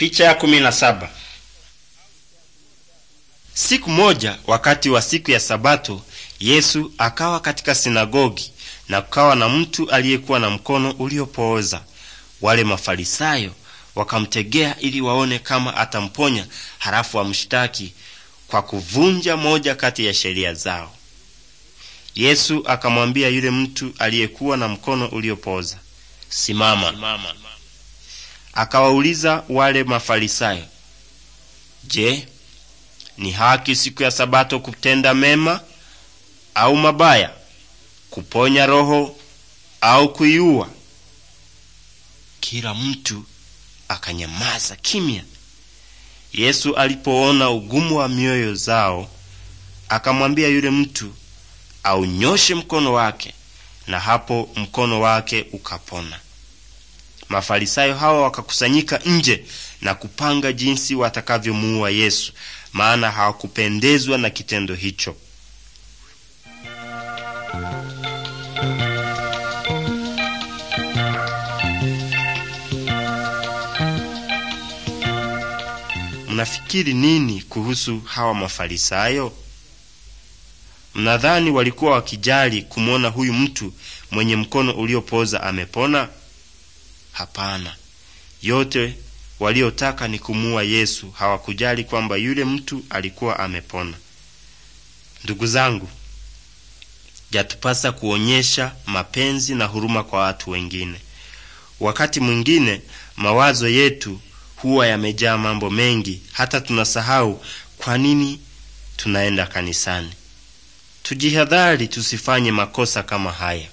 Picha ya kumi na saba. Siku moja wakati wa siku ya Sabato, Yesu akawa katika sinagogi, na kukawa na mtu aliyekuwa na mkono uliopooza. Wale Mafarisayo wakamtegea ili waone kama atamponya, halafu wamshtaki kwa kuvunja moja kati ya sheria zao. Yesu akamwambia yule mtu aliyekuwa na mkono uliopooza, simama, simama akawauliza wale Mafarisayo, je, ni haki siku ya Sabato kutenda mema au mabaya, kuponya roho au kuiua? Kila mtu akanyamaza kimya. Yesu alipoona ugumu wa mioyo zao, akamwambia yule mtu aunyoshe mkono wake, na hapo mkono wake ukapona. Mafarisayo hawa wakakusanyika nje na kupanga jinsi watakavyomuua Yesu, maana hawakupendezwa na kitendo hicho. Mnafikiri nini kuhusu hawa Mafarisayo? Mnadhani walikuwa wakijali kumwona huyu mtu mwenye mkono uliopoza amepona? Hapana, yote waliotaka ni kumuua Yesu. Hawakujali kwamba yule mtu alikuwa amepona. Ndugu zangu, yatupasa kuonyesha mapenzi na huruma kwa watu wengine. Wakati mwingine mawazo yetu huwa yamejaa mambo mengi, hata tunasahau kwa nini tunaenda kanisani. Tujihadhari tusifanye makosa kama haya.